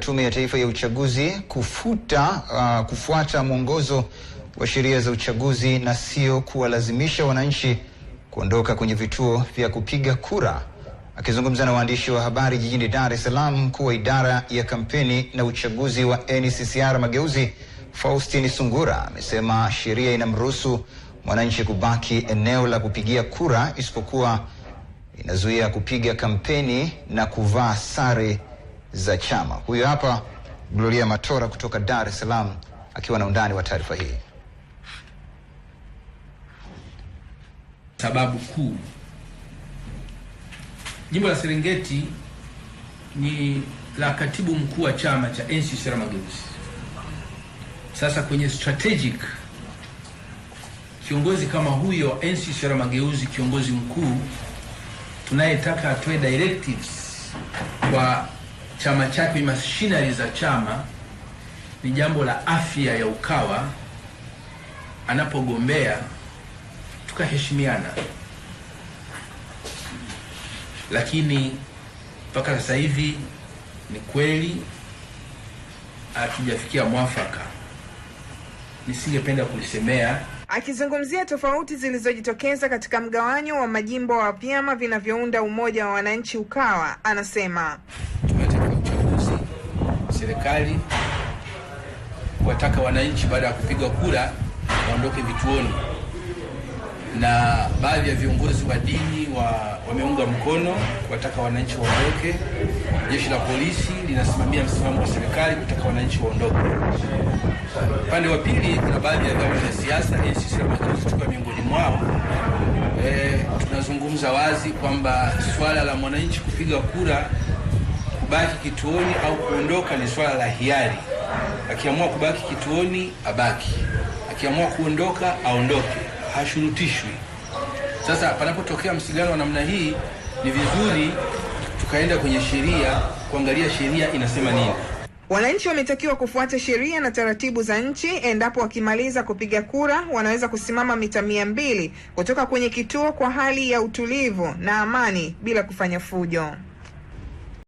Tume ya Taifa ya Uchaguzi kufuta uh, kufuata mwongozo wa sheria za uchaguzi na sio kuwalazimisha wananchi kuondoka kwenye vituo vya kupiga kura. Akizungumza na waandishi wa habari jijini Dar es Salaam, mkuu wa idara ya kampeni na uchaguzi wa NCCR Mageuzi, faustin Sungura, amesema sheria inamruhusu mwananchi kubaki eneo la kupigia kura, isipokuwa inazuia kupiga kampeni na kuvaa sare za chama. Huyo hapa Gloria Matora kutoka Dar es Salaam akiwa na undani wa taarifa hii. Sababu kuu, jimbo la Serengeti ni la katibu mkuu wa chama cha NCCR Mageuzi. Sasa kwenye strategic kiongozi kama huyo NCCR Mageuzi, kiongozi mkuu tunayetaka atoe directives kwa chama chake, mashinari za chama ni jambo la afya ya Ukawa. Anapogombea tukaheshimiana, lakini mpaka sasa hivi ni kweli hatujafikia mwafaka, nisingependa kulisemea. Akizungumzia tofauti zilizojitokeza katika mgawanyo wa majimbo wa vyama vinavyounda umoja wa wananchi Ukawa, anasema serikali kuwataka wananchi baada ya kupiga kura waondoke vituoni, na baadhi ya viongozi wa dini wa wameunga mkono kuwataka wananchi waondoke. Jeshi la polisi linasimamia msimamo wa serikali kutaka wananchi waondoke. Upande wa pili, kuna baadhi ya vyama vya siasa, ACT Mageuzi tukiwa miongoni mwao. E, tunazungumza wazi kwamba swala la mwananchi kupiga kura kubaki kituoni au kuondoka ni swala la hiari. Akiamua kubaki kituoni abaki, akiamua kuondoka aondoke, hashurutishwi. Sasa panapotokea msigano wa namna hii, ni vizuri tukaenda kwenye sheria kuangalia sheria inasema nini. Wananchi wametakiwa kufuata sheria na taratibu za nchi. Endapo wakimaliza kupiga kura, wanaweza kusimama mita mia mbili kutoka kwenye kituo kwa hali ya utulivu na amani bila kufanya fujo.